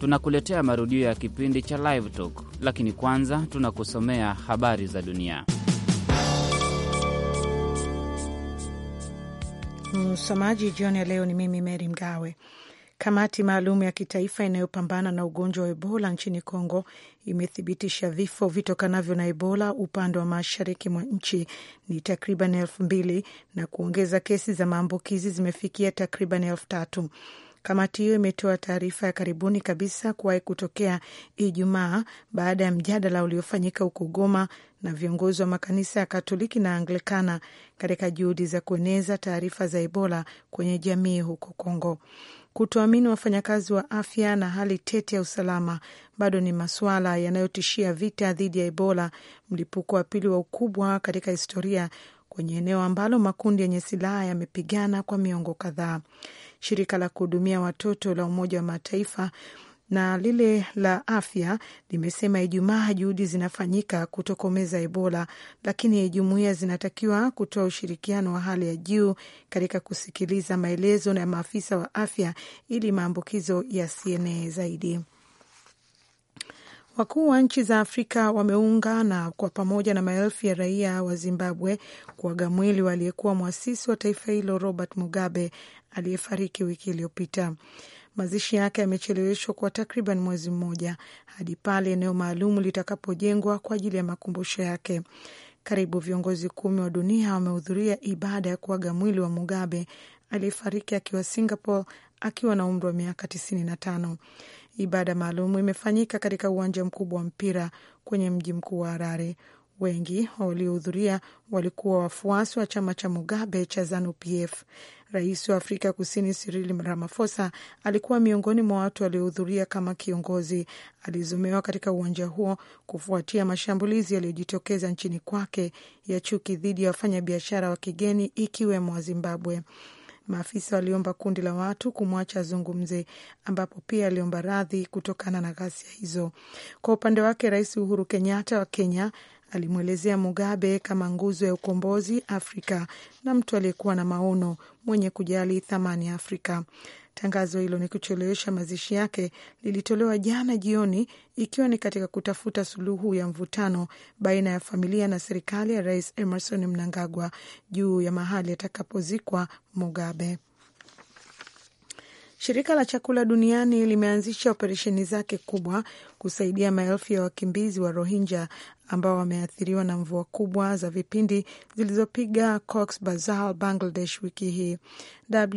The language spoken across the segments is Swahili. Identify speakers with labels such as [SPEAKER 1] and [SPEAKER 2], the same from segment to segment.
[SPEAKER 1] tunakuletea marudio ya kipindi cha Live Talk, lakini kwanza tunakusomea habari za dunia.
[SPEAKER 2] Msomaji jioni ya leo ni mimi Mary Mgawe. Kamati maalum ya kitaifa inayopambana na ugonjwa wa Ebola nchini congo imethibitisha vifo vitokanavyo na Ebola upande wa mashariki mwa nchi ni takriban elfu mbili na kuongeza kesi za maambukizi zimefikia takriban elfu tatu. Kamati hiyo imetoa taarifa ya karibuni kabisa kuwahi kutokea Ijumaa baada ya mjadala uliofanyika huko Goma na viongozi wa makanisa ya Katoliki na Anglikana katika juhudi za kueneza taarifa za Ebola kwenye jamii huko Kongo kutoamini wafanyakazi wa afya na hali tete ya usalama bado ni masuala yanayotishia vita dhidi ya Ebola, mlipuko wa pili wa ukubwa katika historia kwenye eneo ambalo makundi yenye silaha yamepigana kwa miongo kadhaa. Shirika la kuhudumia watoto la Umoja wa Mataifa na lile la afya limesema Ijumaa juhudi zinafanyika kutokomeza Ebola, lakini jumuiya zinatakiwa kutoa ushirikiano wa hali ya juu katika kusikiliza maelezo na maafisa wa afya ili maambukizo yasienee zaidi. Wakuu wa nchi za Afrika wameungana kwa pamoja na maelfu ya raia wa Zimbabwe kuaga mwili wa aliyekuwa mwasisi wa taifa hilo Robert Mugabe aliyefariki wiki iliyopita. Mazishi yake yamecheleweshwa kwa takriban mwezi mmoja hadi pale eneo maalum litakapojengwa kwa ajili ya makumbusho yake. Karibu viongozi kumi wa dunia wamehudhuria ibada ya kuaga mwili wa Mugabe aliyefariki akiwa Singapore akiwa na umri wa miaka tisini na tano. Ibada maalum imefanyika katika uwanja mkubwa wa mpira kwenye mji mkuu wa Harare. Wengi waliohudhuria walikuwa wafuasi wa chama cha Mugabe cha ZANU PF. Rais wa Afrika Kusini Cyril Ramaphosa alikuwa miongoni mwa watu waliohudhuria kama kiongozi alizomewa katika uwanja huo kufuatia mashambulizi yaliyojitokeza nchini kwake ya chuki dhidi ya wafanyabiashara wa kigeni ikiwemo wa Zimbabwe. Maafisa waliomba kundi la watu kumwacha azungumze, ambapo pia aliomba radhi kutokana na ghasia hizo. Kwa upande wake, Rais Uhuru Kenyatta wa Kenya alimwelezea Mugabe kama nguzo ya ukombozi Afrika na mtu aliyekuwa na maono, mwenye kujali thamani ya Afrika. Tangazo hilo ni kuchelewesha mazishi yake, lilitolewa jana jioni, ikiwa ni katika kutafuta suluhu ya mvutano baina ya familia na serikali ya Rais Emerson Mnangagwa juu ya mahali atakapozikwa Mugabe. Shirika la chakula duniani limeanzisha operesheni zake kubwa kusaidia maelfu ya wakimbizi wa Rohingya ambao wameathiriwa na mvua kubwa za vipindi zilizopiga Cox Bazar, Bangladesh wiki hii.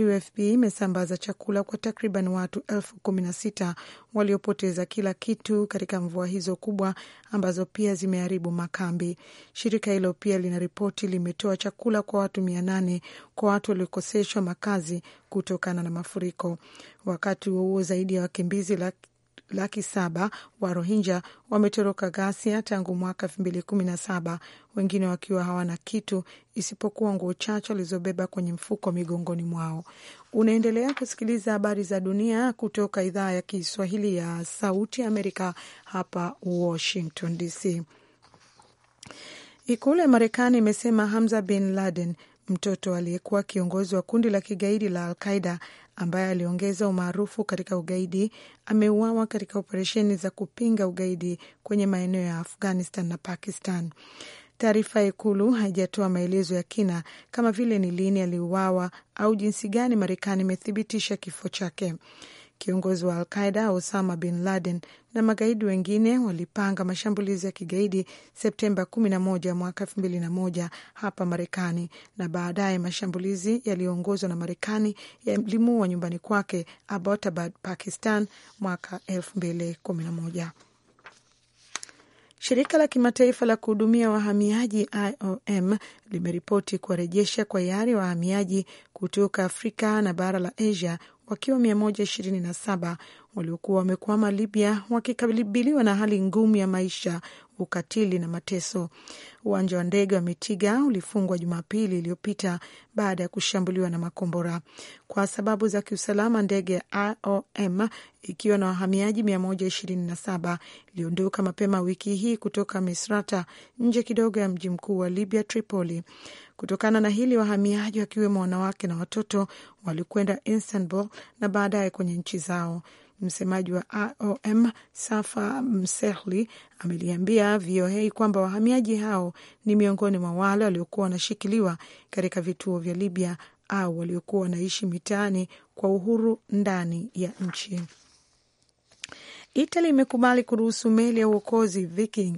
[SPEAKER 2] WFP imesambaza chakula kwa takriban watu elfu kumi na sita waliopoteza kila kitu katika mvua hizo kubwa ambazo pia zimeharibu makambi. Shirika hilo pia lina ripoti limetoa chakula kwa watu mia nane kwa watu waliokoseshwa makazi kutokana na mafuriko. Wakati huo huo, zaidi ya wakimbizi laki laki saba wa Rohingya wametoroka ghasia tangu mwaka elfu mbili kumi na saba, wengine wakiwa hawana kitu isipokuwa nguo chache walizobeba kwenye mfuko migongoni mwao. Unaendelea kusikiliza habari za dunia kutoka idhaa ya Kiswahili ya Sauti Amerika hapa Washington DC. Ikulu ya Marekani imesema Hamza bin Laden mtoto aliyekuwa kiongozi wa kundi la kigaidi la Alqaida ambaye aliongeza umaarufu katika ugaidi ameuawa katika operesheni za kupinga ugaidi kwenye maeneo ya Afghanistan na Pakistan. Taarifa ya Ikulu haijatoa maelezo ya kina kama vile ni lini aliuawa au jinsi gani Marekani imethibitisha kifo chake. Kiongozi wa Alqaida Osama bin Laden na magaidi wengine walipanga mashambulizi ya kigaidi Septemba 11 mwaka 2001 hapa Marekani, na baadaye mashambulizi yaliyoongozwa na Marekani yalimuua nyumbani kwake Abbottabad, Pakistan mwaka 2011. Shirika la kimataifa la kuhudumia wahamiaji IOM limeripoti kuwarejesha kwa yari wahamiaji kutoka Afrika na bara la Asia wakiwa 127 waliokuwa wamekwama Libya wakikabiliwa na hali ngumu ya maisha, ukatili na mateso. Uwanja wa ndege wa Mitiga ulifungwa Jumapili iliyopita baada ya kushambuliwa na makombora. Kwa sababu za kiusalama, ndege ya IOM ikiwa na wahamiaji 127 iliondoka mapema wiki hii kutoka Misrata, nje kidogo ya mji mkuu wa Libya, Tripoli. Kutokana na hili, wahamiaji wakiwemo wanawake na watoto walikwenda Istanbul na baadaye kwenye nchi zao. Msemaji wa IOM Safa Msehli ameliambia VOA kwamba wahamiaji hao ni miongoni mwa wale waliokuwa wanashikiliwa katika vituo vya Libya au waliokuwa wanaishi mitaani kwa uhuru ndani ya nchi. Italy imekubali kuruhusu meli ya uokozi Viking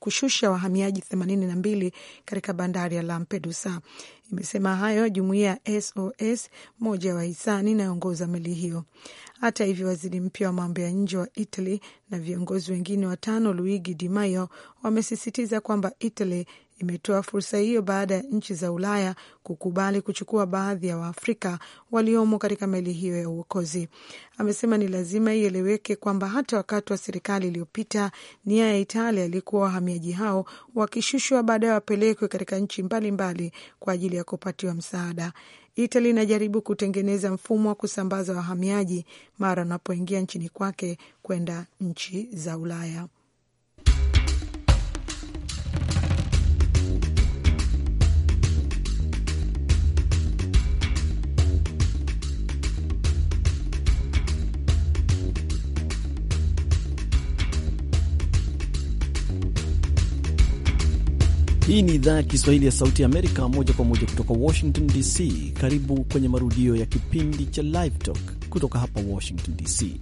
[SPEAKER 2] kushusha wahamiaji 82 katika bandari ya Lampedusa. Imesema hayo jumuiya ya SOS, moja ya wahisani inayoongoza meli hiyo. Hata hivyo, waziri mpya wa mambo ya nje wa Italy na viongozi wengine watano, Luigi Di Maio, wamesisitiza kwamba Italy imetoa fursa hiyo baada ya nchi za Ulaya kukubali kuchukua baadhi ya Waafrika waliomo katika meli hiyo ya uokozi. Amesema ni lazima ieleweke kwamba hata wakati wa serikali iliyopita nia ya Italia ilikuwa wahamiaji hao wakishushwa, baadaye wapelekwe katika nchi mbalimbali mbali kwa ajili ya kupatiwa msaada. Italia inajaribu kutengeneza mfumo wa kusambaza wahamiaji mara wanapoingia nchini kwake kwenda nchi za Ulaya.
[SPEAKER 3] Hii ni idhaa ya Kiswahili ya Sauti Amerika, moja kwa moja kutoka Washington DC. Karibu kwenye marudio ya kipindi cha Live Talk kutoka hapa Washington DC.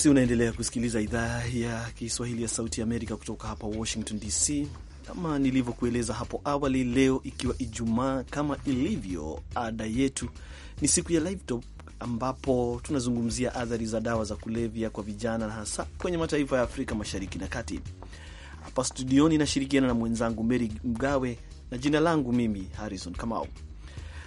[SPEAKER 3] Basi unaendelea kusikiliza idhaa ya Kiswahili ya Sauti ya Amerika kutoka hapa Washington DC. Kama nilivyokueleza hapo awali, leo ikiwa Ijumaa, kama ilivyo ada yetu, ni siku ya Live Talk ambapo tunazungumzia athari za dawa za kulevya kwa vijana na hasa kwenye mataifa ya Afrika Mashariki na Kati. Hapa studioni nashirikiana na mwenzangu Meri Mgawe na jina langu mimi Harrison Kamau.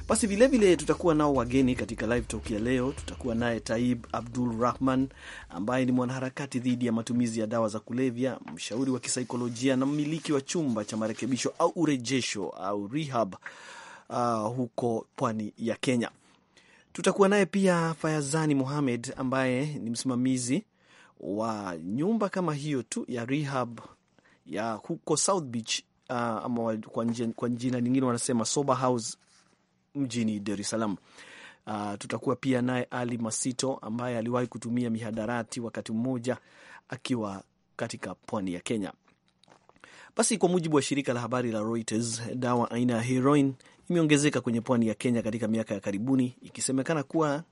[SPEAKER 3] Basi vilevile vile tutakuwa nao wageni katika live talk ya leo. Tutakuwa naye Taib Abdul Rahman ambaye ni mwanaharakati dhidi ya matumizi ya dawa za kulevya, mshauri wa kisaikolojia na mmiliki wa chumba cha marekebisho au urejesho au rehab uh, huko pwani ya Kenya. Tutakuwa naye pia Fayazani Mohamed ambaye ni msimamizi wa nyumba kama hiyo tu ya rehab ya huko South Beach, uh, ama kwa jina lingine wanasema sober house mjini Dar es Salaam. Uh, tutakuwa pia naye Ali Masito ambaye aliwahi kutumia mihadarati wakati mmoja akiwa katika pwani ya Kenya. Basi, kwa mujibu wa shirika la habari la Reuters, dawa aina ya heroin imeongezeka kwenye pwani ya Kenya katika miaka ya karibuni, ikisemekana kuwa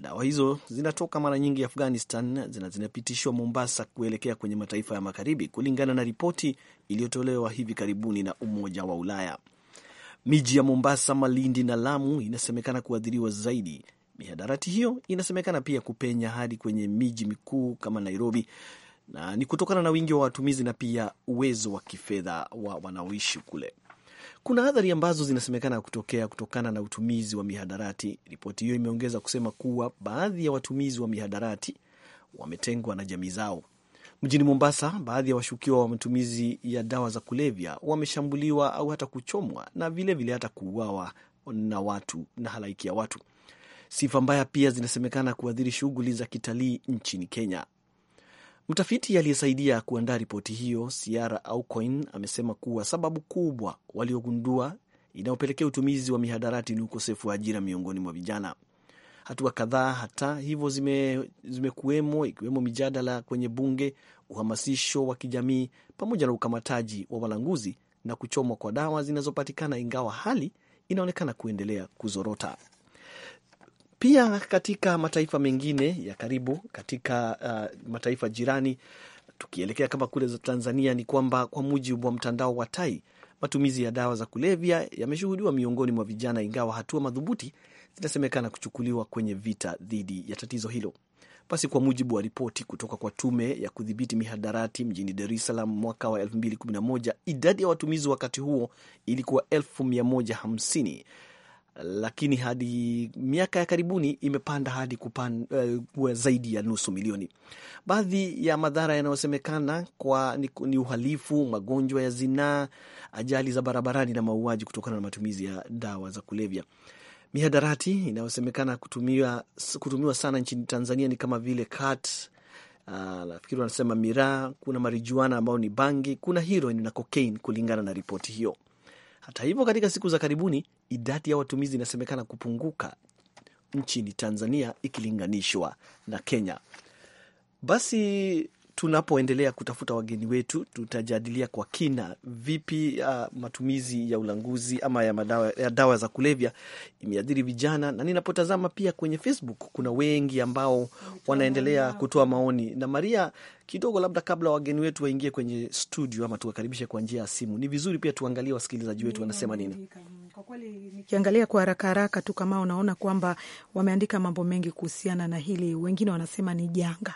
[SPEAKER 3] dawa hizo zinatoka mara nyingi Afghanistan na zinapitishwa Mombasa kuelekea kwenye mataifa ya magharibi, kulingana na ripoti iliyotolewa hivi karibuni na Umoja wa Ulaya. Miji ya Mombasa, Malindi na Lamu inasemekana kuathiriwa zaidi. Mihadarati hiyo inasemekana pia kupenya hadi kwenye miji mikuu kama Nairobi, na ni kutokana na wingi wa watumizi na pia uwezo wa kifedha wa wanaoishi kule. Kuna athari ambazo zinasemekana kutokea kutokana na utumizi wa mihadarati. Ripoti hiyo imeongeza kusema kuwa baadhi ya watumizi wa mihadarati wametengwa na jamii zao. Mjini Mombasa, baadhi ya washukiwa wa matumizi ya dawa za kulevya wameshambuliwa au hata kuchomwa na vilevile vile hata kuuawa na watu na halaiki ya watu. Sifa mbaya pia zinasemekana kuathiri shughuli za kitalii nchini Kenya. Mtafiti aliyesaidia kuandaa ripoti hiyo Sierra Aucoin amesema kuwa sababu kubwa waliogundua inayopelekea utumizi wa mihadarati ni ukosefu wa ajira miongoni mwa vijana. Hatua kadhaa hata hivyo zimekuwemo, zime ikiwemo mijadala kwenye bunge uhamasisho wa kijamii pamoja na ukamataji wa walanguzi na kuchomwa kwa dawa zinazopatikana, ingawa hali inaonekana kuendelea kuzorota. Pia katika mataifa mengine ya karibu, katika uh, mataifa jirani, tukielekea kama kule za Tanzania, ni kwamba kwa mujibu wa mtandao wa Tai, matumizi ya dawa za kulevya yameshuhudiwa miongoni mwa vijana, ingawa hatua madhubuti zinasemekana kuchukuliwa kwenye vita dhidi ya tatizo hilo. Basi kwa mujibu wa ripoti kutoka kwa tume ya kudhibiti mihadarati mjini Dar es Salaam mwaka wa 2011, idadi ya watumizi wakati huo ilikuwa 150 lakini hadi miaka ya karibuni imepanda hadi kupan, uh, zaidi ya nusu milioni. Baadhi ya madhara yanayosemekana kwa ni, ni uhalifu, magonjwa ya zinaa, ajali za barabarani na mauaji kutokana na matumizi ya dawa za kulevya mihadarati inayosemekana kutumiwa, kutumiwa sana nchini Tanzania ni kama vile kat ah, nafikiri wanasema miraa, kuna marijuana ambayo ni bangi, kuna heroin na cocaine kulingana na ripoti hiyo. Hata hivyo, katika siku za karibuni idadi ya watumizi inasemekana kupunguka nchini Tanzania ikilinganishwa na Kenya. Basi tunapoendelea kutafuta wageni wetu, tutajadilia kwa kina vipi uh, matumizi ya ulanguzi ama ya, madawa, ya dawa za kulevya imeadhiri vijana. Na ninapotazama pia kwenye Facebook kuna wengi ambao wanaendelea kutoa maoni. Na Maria, kidogo labda kabla wageni wetu waingie kwenye studio ama tuwakaribishe kwa njia ya simu, ni vizuri pia tuangalie wasikilizaji wetu wanasema nini.
[SPEAKER 2] Kwa kweli nikiangalia kwa haraka haraka tu, kama unaona kwamba wameandika mambo mengi kuhusiana na hili, wengine wanasema ni janga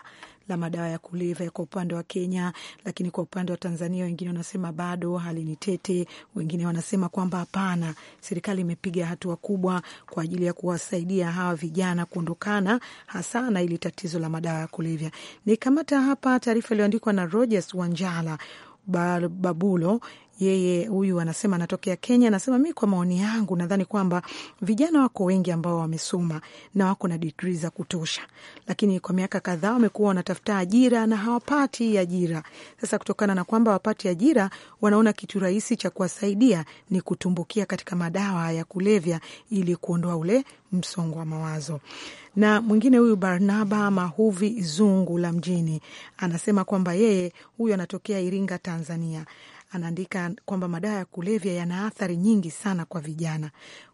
[SPEAKER 2] la madawa ya kulevya kwa upande wa Kenya, lakini kwa upande wa Tanzania wengine wanasema bado hali ni tete, wengine wanasema kwamba hapana, serikali imepiga hatua kubwa kwa ajili ya kuwasaidia hawa vijana kuondokana hasa na ili tatizo la madawa ya kulevya. Nikamata hapa taarifa iliyoandikwa na Rogers Wanjala Babulo yeye huyu anasema anatokea Kenya, anasema mi kwa maoni yangu nadhani kwamba vijana wako wengi ambao wamesoma na wako na digri za kutosha, lakini kwa miaka kadhaa wamekuwa wanatafuta ajira na hawapati ajira. Sasa kutokana na kwamba hawapati ajira, wanaona kitu rahisi cha kuwasaidia ni kutumbukia katika madawa ya kulevya ili kuondoa ule msongo wa mawazo. Na mwingine huyu Barnaba Mahuvi Zungu la mjini anasema kwamba yeye huyu anatokea Iringa, Tanzania anaandika kwamba madawa ya kulevya yana athari nyingi sana kwa vijana.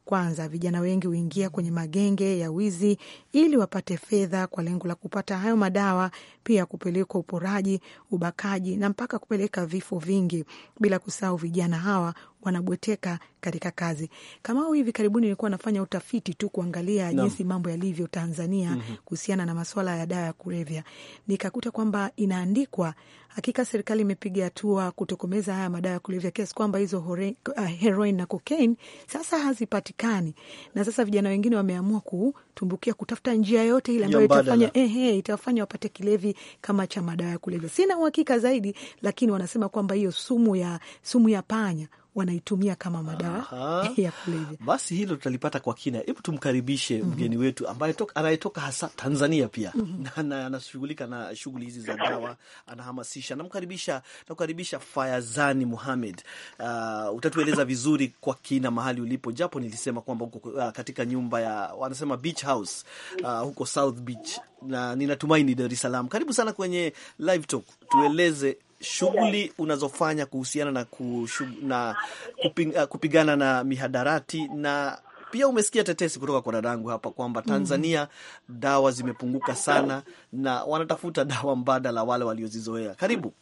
[SPEAKER 2] Kwanza, vijana wengi huingia kwenye magenge ya wizi ili wapate fedha kwa lengo la kupata hayo madawa, pia kupelekwa uporaji, ubakaji na mpaka kupeleka vifo vingi, bila kusahau vijana hawa wanabweteka katika kazi kama. au. Hivi karibuni nilikuwa nafanya utafiti tu kuangalia no. jinsi mambo yalivyo Tanzania mm -hmm. kuhusiana na masuala ya dawa ya kulevya, nikakuta kwamba inaandikwa hakika serikali imepiga hatua kutokomeza haya madawa ya kulevya kiasi kwamba hizo uh, heroin na kokain sasa hazipati havipatikani, na sasa vijana wengine wameamua kutumbukia kutafuta njia yote ile ambayo itafanya eh, eh, itafanya wapate kilevi kama cha madawa ya kulevya. Sina uhakika zaidi, lakini wanasema kwamba hiyo sumu ya sumu ya panya wanaitumia kama madawa
[SPEAKER 3] ya kulevya. Basi hilo tutalipata kwa kina. Hebu tumkaribishe mm -hmm. mgeni wetu ambaye anayetoka hasa Tanzania pia mm -hmm. anashughulika na, na shughuli hizi za dawa, anahamasisha. Namkaribisha, nakukaribisha Fayazani Muhamed. Uh, utatueleza vizuri kwa kina mahali ulipo, japo nilisema kwamba uko uh, katika nyumba ya wanasema beach house uh, huko South Beach, na ninatumaini daressalam Dar es Salaam. Karibu sana kwenye live talk, tueleze shughuli unazofanya kuhusiana na, kushug, na kuping, uh, kupigana na mihadarati na pia umesikia tetesi kutoka kwa dadangu hapa kwamba mm-hmm. Tanzania dawa zimepunguka sana na wanatafuta dawa mbadala wale waliozizoea. Karibu.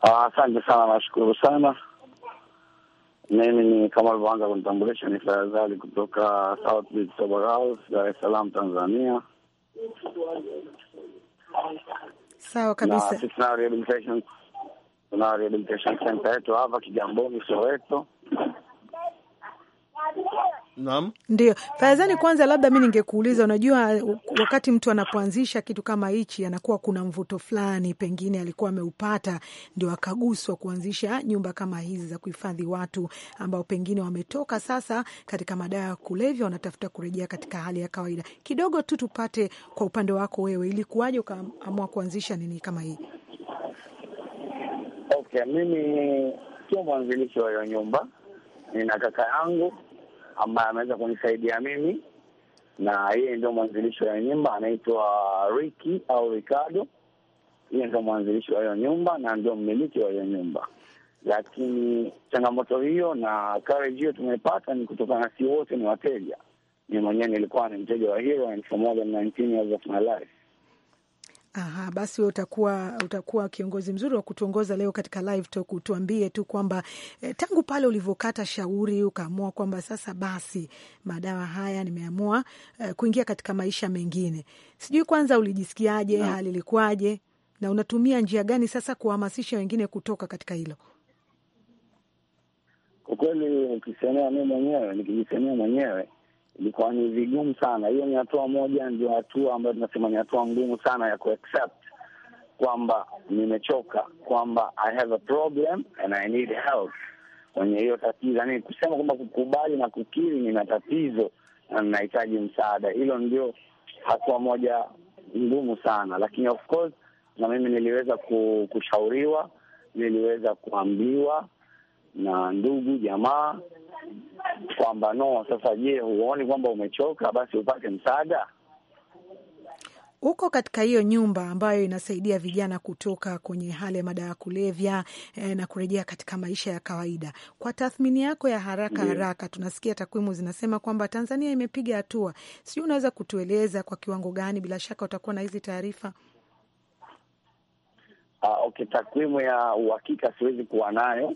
[SPEAKER 3] Ah,
[SPEAKER 4] asante sana, nashukuru sana. Mimi ni kama alivyoanza kunitambulisha, ni Farazali kutoka South Beach Sober House, Dar es Salaam, Tanzania. Sawa kabisa. Na sisi tuna rehabilitation, tuna rehabilitation center yetu hapa Kigamboni, Soweto
[SPEAKER 3] Naam,
[SPEAKER 2] ndio Fayazani, kwanza labda mi ningekuuliza, unajua wakati mtu anapoanzisha kitu kama hichi anakuwa kuna mvuto fulani, pengine alikuwa ameupata ndio akaguswa kuanzisha nyumba kama hizi za kuhifadhi watu ambao pengine wametoka sasa katika madawa ya kulevya, wanatafuta kurejea katika hali ya kawaida. Kidogo tu tupate kwa upande wako wewe, ilikuwaje ukaamua kuanzisha nini kama hii?
[SPEAKER 4] Okay, mimi sio mwanzilishi wa hiyo nyumba, nina kaka yangu ambaye ameweza kunisaidia mimi, na yeye ndio mwanzilishi wa nyumba, anaitwa Ricky au Ricardo. Yeye ndio mwanzilishi wa hiyo nyumba na ndio mmiliki wa hiyo nyumba. Lakini changamoto hiyo na courage hiyo tumepata ni kutokana na si wote ni wateja. Mimi mwenyewe nilikuwa ni mteja wa hiyo and for more than 19 years of my life
[SPEAKER 2] Aha, basi wewe utakuwa utakuwa kiongozi mzuri wa kutuongoza leo katika live talk. Utuambie tu kwamba eh, tangu pale ulivyokata shauri ukaamua kwamba sasa basi madawa haya nimeamua eh, kuingia katika maisha mengine, sijui kwanza ulijisikiaje? No. hali ilikuwaje, na unatumia njia gani sasa kuhamasisha wengine kutoka katika hilo?
[SPEAKER 4] Kwa kweli ukisemea mimi mwenyewe nikijisemea mwenyewe ilikuwa ni vigumu sana. Hiyo ni hatua moja, ndio hatua ambayo tunasema ni hatua ngumu sana ya kuaccept kwamba nimechoka, kwamba I have a problem and I need help kwenye hiyo tatizo, Yani kusema kwamba kukubali na kukiri nina tatizo na ninahitaji msaada. Hilo ndio hatua moja ngumu sana, lakini of course na mimi niliweza kushauriwa, niliweza kuambiwa na ndugu jamaa kwamba no. Sasa je, huoni kwamba umechoka? Basi upate msaada.
[SPEAKER 2] Uko katika hiyo nyumba ambayo inasaidia vijana kutoka kwenye hali ya madawa ya kulevya eh, na kurejea katika maisha ya kawaida. Kwa tathmini yako ya haraka yeah, haraka, tunasikia takwimu zinasema kwamba Tanzania imepiga hatua, sijui unaweza kutueleza kwa kiwango gani? Bila shaka utakuwa na hizi taarifa.
[SPEAKER 4] Uh, okay, takwimu ya uhakika siwezi kuwa nayo,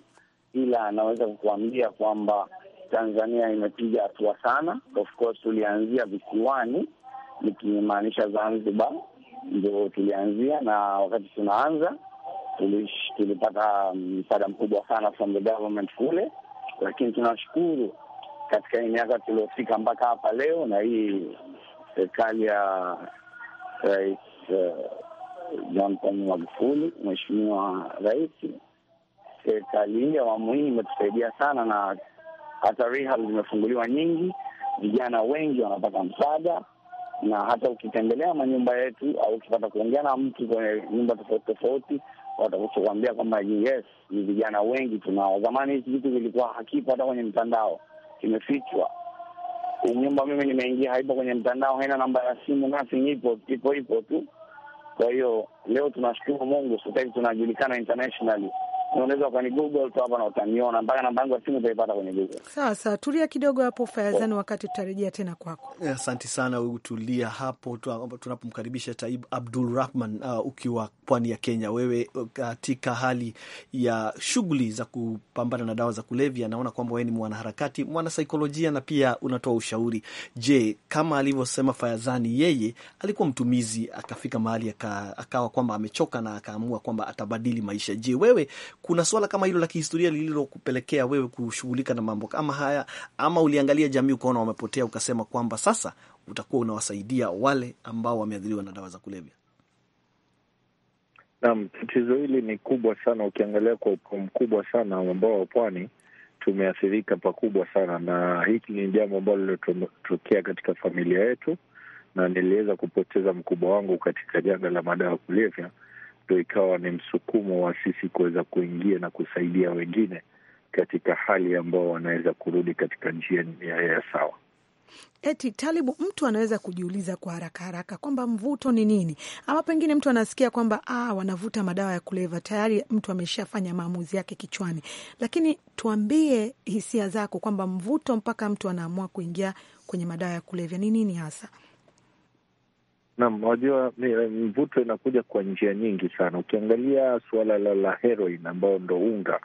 [SPEAKER 4] ila anaweza kukuambia kwamba Tanzania imepiga hatua sana. Of course tulianzia visiwani, nikimaanisha Zanzibar ndio tulianzia, na wakati tunaanza tulish, tulipata mm, msaada um, mkubwa sana from the government kule, lakini tunashukuru katika hii miaka tuliofika mpaka hapa leo na hii serikali ya Rais uh, John Pombe Magufuli, Mheshimiwa Rais, serikali hii awamu hii imetusaidia sana na hata rehab zimefunguliwa nyingi, vijana wengi wanapata msaada, na hata ukitembelea manyumba yetu au ukipata kuongea na mtu kwenye nyumba tofauti tofauti, watakuambia kwamba yes, ni vijana wengi tunao. Zamani hizi vitu vilikuwa hakipo, hata kwenye mtandao kimefichwa. Nyumba mimi nimeingia haipo kwenye mtandao, haina namba ya simu, nothing, ipo ipo ipo tu. Kwa hiyo leo tunashukuru Mungu, sasa hivi tunajulikana internationally unaweza ukani google tu hapa na utaniona, mpaka namba yangu ya simu utaipata kwenye google.
[SPEAKER 2] Sawa sawa, tulia kidogo hapo Fayazani, wakati tutarejea tena kwako.
[SPEAKER 3] Eh, asante sana, utulia hapo tunapomkaribisha Taib Abdul Rahman uh, ukiwa pwani ya Kenya. Wewe katika hali ya shughuli za kupambana na dawa za kulevya, naona kwamba wewe ni mwanaharakati, mwanasaikolojia na pia unatoa ushauri. Je, kama alivyosema Fayazani, yeye alikuwa mtumizi akafika mahali akawa kwamba amechoka na akaamua kwamba atabadili maisha. Je, wewe kuna swala kama hilo la kihistoria lililokupelekea wewe kushughulika na mambo kama haya, ama uliangalia jamii ukaona wamepotea, ukasema kwamba sasa utakuwa unawasaidia wale ambao wameathiriwa na dawa za kulevya?
[SPEAKER 5] Naam, tatizo hili ni kubwa sana. Ukiangalia kwa mkubwa sana, ambao wa pwani tumeathirika pakubwa sana, na hiki ni jambo ambalo lilotokea katika familia yetu, na niliweza kupoteza mkubwa wangu katika janga la madawa kulevya. Ndo ikawa ni msukumo wa sisi kuweza kuingia na kusaidia wengine katika hali ambao wanaweza kurudi katika njia ya sawa.
[SPEAKER 2] Eti Talibu, mtu anaweza kujiuliza kwa haraka haraka kwamba mvuto ni nini, ama pengine mtu anasikia kwamba ah, wanavuta madawa ya kulevya tayari, mtu ameshafanya maamuzi yake kichwani. Lakini tuambie hisia zako kwamba mvuto mpaka mtu anaamua kuingia kwenye madawa ya kulevya ni nini hasa?
[SPEAKER 5] Naam, unajua mvuto inakuja kwa njia nyingi sana. Ukiangalia suala la la heroin ambayo ndo unga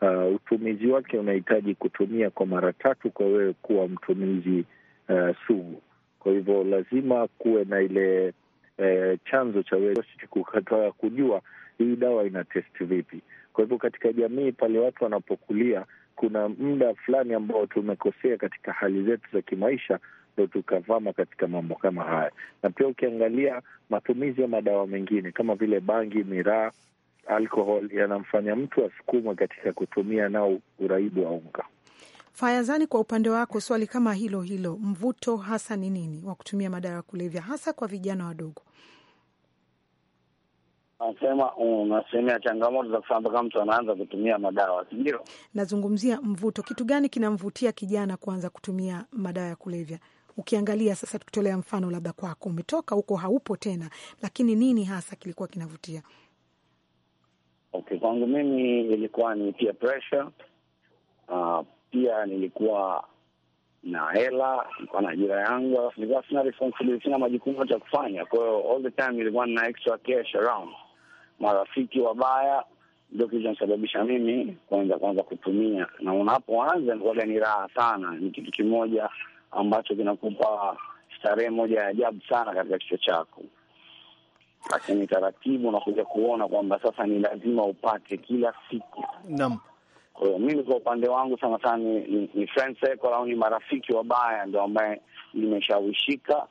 [SPEAKER 5] uh, utumizi wake unahitaji kutumia kwa mara tatu kwa wewe kuwa mtumizi uh, eh, sugu. Kwa hivyo lazima kuwe na ile uh, chanzo cha kukataka kujua hii dawa ina test vipi. Kwa hivyo katika jamii pale watu wanapokulia, kuna muda fulani ambao tumekosea katika hali zetu za kimaisha, ndo tukavama katika mambo kama haya. Na pia ukiangalia matumizi ya madawa mengine kama vile bangi, miraa, alkohol yanamfanya mtu asukumwe katika kutumia nao uraibu wa unga.
[SPEAKER 2] Fayazani, kwa upande wako swali kama hilo hilo, mvuto hasa ni nini wa kutumia madawa ya kulevya hasa kwa vijana wadogo?
[SPEAKER 4] Nasema unasemea mm, changamoto za kusamba kama mtu anaanza kutumia madawa, sindio
[SPEAKER 2] Nazungumzia mvuto, kitu gani kinamvutia kijana kuanza kutumia madawa ya kulevya? Ukiangalia sasa, tukitolea mfano labda kwako, umetoka huko, haupo tena, lakini nini hasa kilikuwa kinavutia?
[SPEAKER 4] Okay, kwangu mimi ilikuwa ni peer pressure, uh, pia nilikuwa na hela, nilikuwa na ajira yangu, alafu nilikuwa sina responsibility, sina majukumu yote ya kufanya. Kwa hiyo all the time nilikuwa nina extra cash around. Marafiki wabaya ndio kilichonisababisha mimi kwanza kwanza kutumia, na unapoanza nikuaga ni raha sana, ni kitu kimoja ambacho kinakupa starehe moja ya ajabu sana katika kichwa chako, lakini taratibu unakuja kuona kwamba sasa ni lazima upate kila siku. Naam. Kwa hiyo mimi kwa upande wangu sana sana ni, ni, ni friend circle au ni marafiki wabaya ndio ambaye nimeshawishika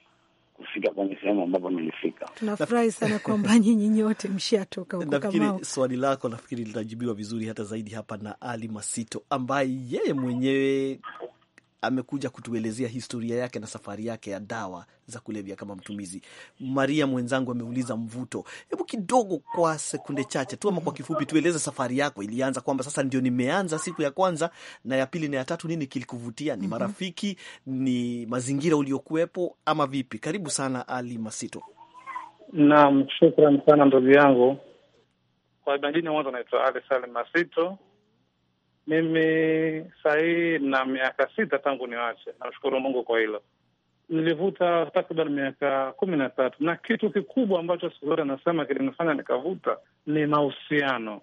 [SPEAKER 4] kufika kwenye sehemu ambapo nilifika.
[SPEAKER 2] Tunafurahi sana kwamba nyinyi nyote mshatoka huko. Nafikiri
[SPEAKER 3] swali lako nafikiri litajibiwa vizuri hata zaidi hapa na Ali Masito ambaye yeye mwenyewe amekuja kutuelezea historia yake na safari yake ya dawa za kulevya kama mtumizi. Maria mwenzangu ameuliza mvuto. Hebu kidogo, kwa sekunde chache tu ama kwa kifupi, tueleze safari yako. Ilianza kwamba sasa ndio nimeanza siku ya kwanza na ya pili na ya tatu, nini kilikuvutia? Ni mhm. marafiki, ni mazingira uliokuwepo ama vipi? Karibu sana Ali Masito.
[SPEAKER 6] Naam, shukran sana ndugu yangu. Kwa majina mwanzo naitwa Ali Salim Masito mimi sahii na miaka sita tangu niwache, namshukuru Mungu kwa hilo. Nilivuta takriban miaka kumi na tatu, na kitu kikubwa ambacho siku zote nasema kilinifanya nikavuta ni mahusiano.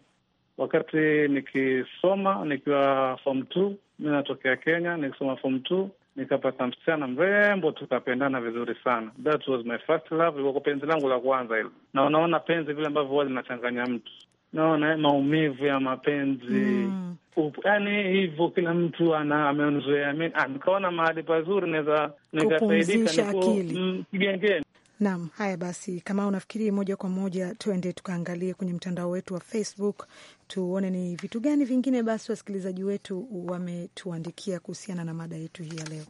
[SPEAKER 6] Wakati nikisoma nikiwa form two, mi natokea Kenya, nikisoma form two nikapata msichana mrembo, tukapendana vizuri sana. That was my first love, ilikuwa penzi langu la kwanza hilo. Na unaona penzi vile ambavyo huwa linachanganya mtu naona maumivu ya mapenzi mm. Yani Hivyo kila mtu ana amemzoea, ah, nikaona mahali pazuri naweza nikasaidika mm, Kigengeni.
[SPEAKER 2] Naam, haya basi, kama unafikiri moja kwa moja, tuende tukaangalie kwenye mtandao wetu wa Facebook tuone ni vitu gani vingine basi wasikilizaji wetu wametuandikia kuhusiana na mada yetu hii ya leo.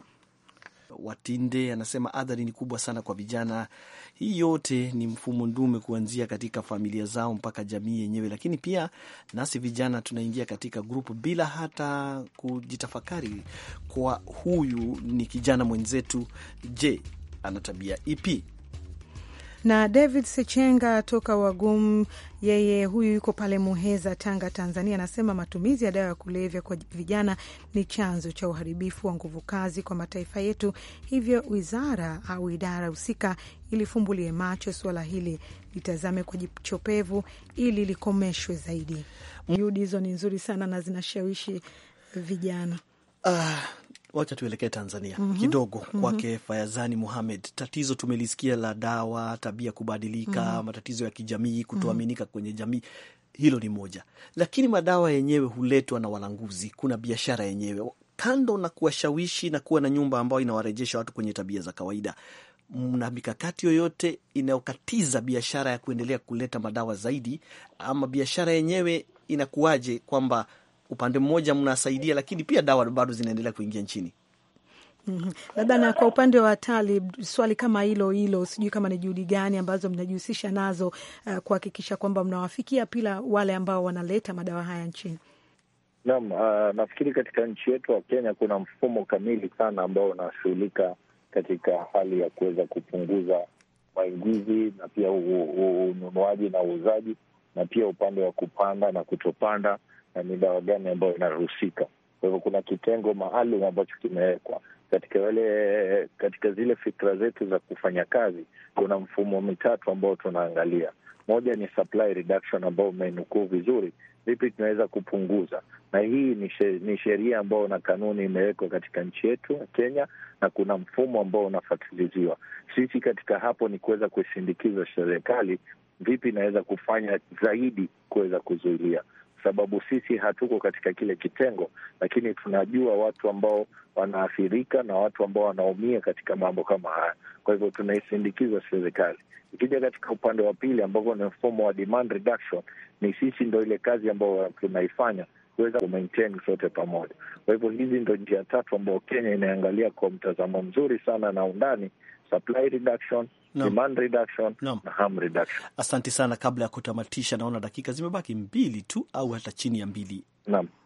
[SPEAKER 3] Watinde anasema adhari ni kubwa sana kwa vijana. Hii yote ni mfumo ndume, kuanzia katika familia zao mpaka jamii yenyewe. Lakini pia nasi vijana tunaingia katika grupu bila hata kujitafakari, kwa huyu ni kijana mwenzetu, je, ana tabia ipi?
[SPEAKER 2] na David Sechenga toka Wagum, yeye huyu yuko pale Muheza, Tanga, Tanzania, anasema matumizi ya dawa ya kulevya kwa vijana ni chanzo cha uharibifu wa nguvu kazi kwa mataifa yetu, hivyo wizara au idara husika ilifumbulie macho suala hili, litazame kwa jichopevu ili likomeshwe zaidi. Juhudi hizo ni nzuri sana na zinashawishi vijana.
[SPEAKER 3] Ah, Wacha tuelekee Tanzania mm -hmm. kidogo mhm. kwake mm -hmm. Fayazani Muhamed, tatizo tumelisikia la dawa, tabia kubadilika, mm -hmm. matatizo ya kijamii, kutoaminika mm -hmm. kwenye jamii hilo ni moja, lakini madawa yenyewe huletwa na walanguzi. Kuna biashara yenyewe kando na kuwashawishi na kuwa na nyumba ambayo inawarejesha watu kwenye tabia za kawaida. Mna mikakati yoyote inayokatiza biashara ya kuendelea kuleta madawa zaidi, ama biashara yenyewe inakuwaje kwamba upande mmoja mnasaidia, lakini pia dawa bado zinaendelea kuingia nchini.
[SPEAKER 2] Labda mhm. na kwa upande wa TALI swali kama hilo hilo, sijui kama ni juhudi gani ambazo mnajihusisha nazo uh, kuhakikisha kwamba mnawafikia pila wale ambao wanaleta madawa haya nchini.
[SPEAKER 5] Naam, uh, nafikiri katika nchi yetu wa Kenya kuna mfumo kamili sana ambao unashughulika katika hali ya kuweza kupunguza maingizi na pia ununuaji na uuzaji na pia upande wa kupanda na kutopanda na ni dawa gani ambayo inaruhusika. Kwa hivyo kuna kitengo maalum ambacho kimewekwa katika wale, katika zile fikra zetu za kufanya kazi. Kuna mfumo mitatu ambao tunaangalia. Moja ni supply reduction ambao umenukuu vizuri, vipi tunaweza kupunguza, na hii ni sheria ambayo na kanuni imewekwa katika nchi yetu Kenya, na kuna mfumo ambao unafatiliziwa. Sisi katika hapo ni kuweza kuisindikiza serikali, vipi inaweza kufanya zaidi kuweza kuzuilia sababu sisi hatuko katika kile kitengo, lakini tunajua watu ambao wanaathirika na watu ambao wanaumia katika mambo kama haya. Kwa hivyo tunaisindikiza serikali. Ikija katika upande wa pili ambapo ni mfumo wa demand reduction, ni sisi ndo ile kazi ambayo tunaifanya kuweza kumaintain sote pamoja. Kwa hivyo hizi ndo njia tatu ambayo Kenya inaangalia kwa mtazamo mzuri sana na undani: supply reduction demand reduction no. na harm reduction.
[SPEAKER 3] Asante sana. Kabla ya kutamatisha, naona dakika zimebaki mbili tu au hata chini ya mbili.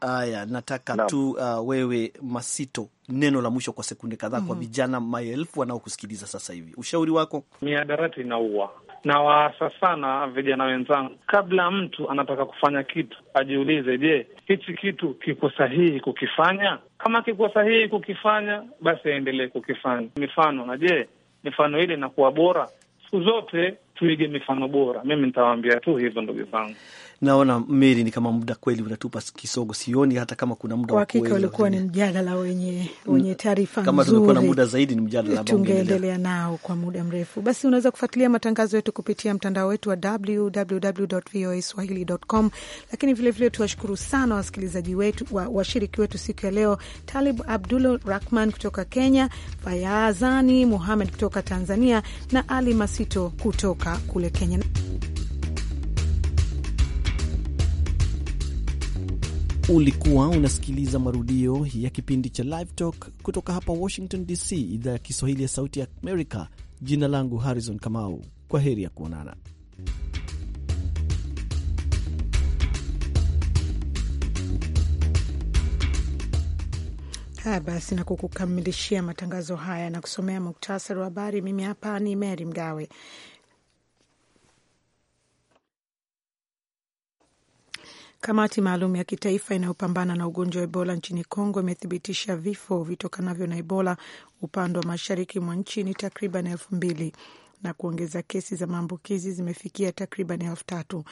[SPEAKER 3] Haya, na. nataka na. tu uh, wewe Masito, neno la mwisho kwa sekunde kadhaa mm -hmm. kwa mhm. vijana maelfu wanaokusikiliza sasa hivi, ushauri wako.
[SPEAKER 6] Mihadarati inaua
[SPEAKER 3] na waasa
[SPEAKER 6] sana vijana wenzangu, kabla mtu anataka kufanya kitu ajiulize, je, hichi kitu kiko sahihi kukifanya? Kama kiko sahihi kukifanya, basi aendelee kukifanya. Mifano na je mifano ile inakuwa bora siku zote tuige mifano bora. Mimi nitawaambia tu hivyo, ndugu zangu.
[SPEAKER 3] Naona Meri, ni kama muda kweli unatupa kisogo, sioni hata kama kuna muda. wa kweli. ulikuwa
[SPEAKER 2] ni mjadala wenye wenye mm, taarifa, nzuri, kama tungekuwa na muda
[SPEAKER 3] zaidi, ni mjadala ambao tungeendelea
[SPEAKER 2] nao kwa muda mrefu. Basi unaweza kufuatilia matangazo yetu kupitia mtandao wetu wa www.voaswahili.com, lakini vile vile tuwashukuru sana wasikilizaji wetu wa, washiriki wetu siku ya leo, Talib Abdul Rahman kutoka Kenya, Fayazani Muhammad kutoka Tanzania na Ali Masito kutoka kutoka kule Kenya.
[SPEAKER 3] Ulikuwa unasikiliza marudio ya kipindi cha Live Talk kutoka hapa Washington DC, idhaa ya Kiswahili ya Sauti ya Amerika. Jina langu Harrison Kamau, kwa heri ya kuonana.
[SPEAKER 2] Haya basi, na kukukamilishia matangazo haya na kusomea muktasari wa habari, mimi hapa ni Mary Mgawe. Kamati maalum ya kitaifa inayopambana na ugonjwa wa Ebola nchini congo imethibitisha vifo vitokanavyo na Ebola upande wa mashariki mwa nchi ni takriban elfu mbili na kuongeza kesi za maambukizi zimefikia takriban elfu tatu.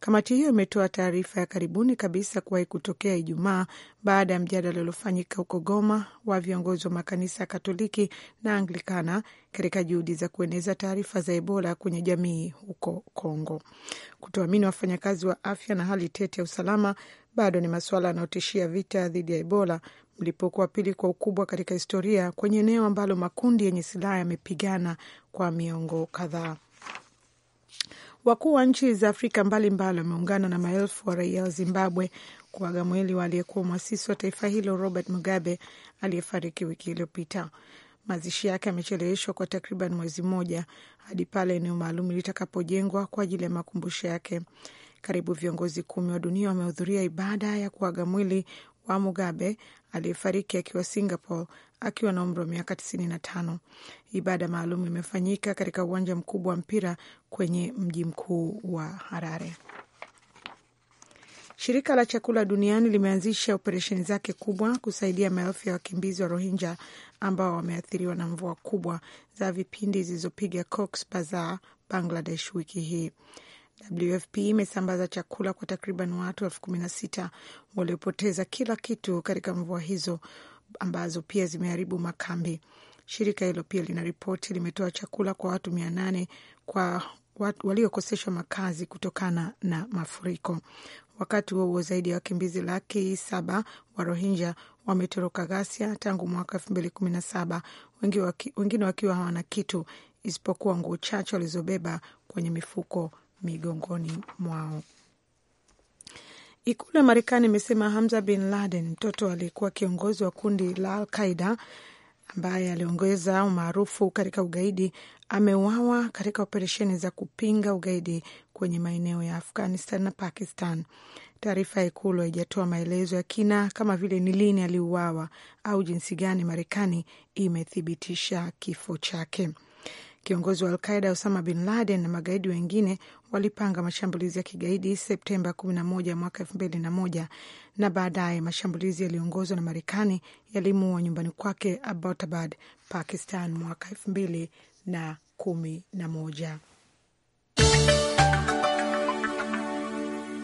[SPEAKER 2] Kamati hiyo imetoa taarifa ya karibuni kabisa kuwahi kutokea Ijumaa baada ya mjadala uliofanyika huko Goma wa viongozi wa makanisa ya Katoliki na Anglikana katika juhudi za kueneza taarifa za Ebola kwenye jamii huko Kongo. Kutoamini wafanyakazi wa afya na hali tete ya usalama bado ni masuala yanayotishia vita dhidi ya Ebola mlipuko wa pili kwa ukubwa katika historia kwenye eneo ambalo makundi yenye silaha yamepigana kwa miongo kadhaa. Wakuu wa nchi za Afrika mbalimbali wameungana na maelfu wa raia wa Zimbabwe kuaga mwili wa aliyekuwa mwasisi wa taifa hilo Robert Mugabe aliyefariki wiki iliyopita. Mazishi yake yamecheleweshwa kwa takriban mwezi mmoja hadi pale eneo maalum litakapojengwa kwa ajili ya makumbusho yake. Karibu viongozi kumi wa dunia wamehudhuria ibada ya kuaga mwili wa Mugabe aliyefariki akiwa Singapore akiwa na umri wa miaka 95. Ibada maalum imefanyika katika uwanja mkubwa wa mpira kwenye mji mkuu wa Harare. Shirika la chakula duniani limeanzisha operesheni zake kubwa kusaidia maelfu ya wakimbizi wa Rohingya ambao wameathiriwa na mvua kubwa za vipindi zilizopiga Cox's Bazar, Bangladesh wiki hii. WFP imesambaza chakula kwa takriban watu elfu kumi na sita waliopoteza kila kitu katika mvua hizo ambazo pia zimeharibu makambi. Shirika hilo pia lina ripoti limetoa chakula kwa watu mia nane kwa waliokoseshwa makazi kutokana na mafuriko. Wakati huo huo, zaidi ya wakimbizi laki saba wa Rohingya wametoroka ghasia tangu mwaka elfu mbili kumi na saba, wengine wakiwa hawana kitu isipokuwa nguo chache walizobeba kwenye mifuko migongoni mwao. Ikulu ya Marekani imesema Hamza bin Laden, mtoto aliyekuwa kiongozi wa kundi la Al Qaida ambaye aliongeza umaarufu katika ugaidi, ameuawa katika operesheni za kupinga ugaidi kwenye maeneo ya Afghanistan na Pakistan. Taarifa ya Ikulu haijatoa maelezo ya kina kama vile ni lini aliuawa au jinsi gani Marekani imethibitisha kifo chake. Kiongozi wa Alqaida Osama bin Laden na magaidi wengine walipanga mashambulizi ya kigaidi Septemba 11 mwaka 2001 na baadaye mashambulizi yaliyoongozwa na Marekani yalimuua nyumbani kwake Abbottabad, Pakistan mwaka 2011.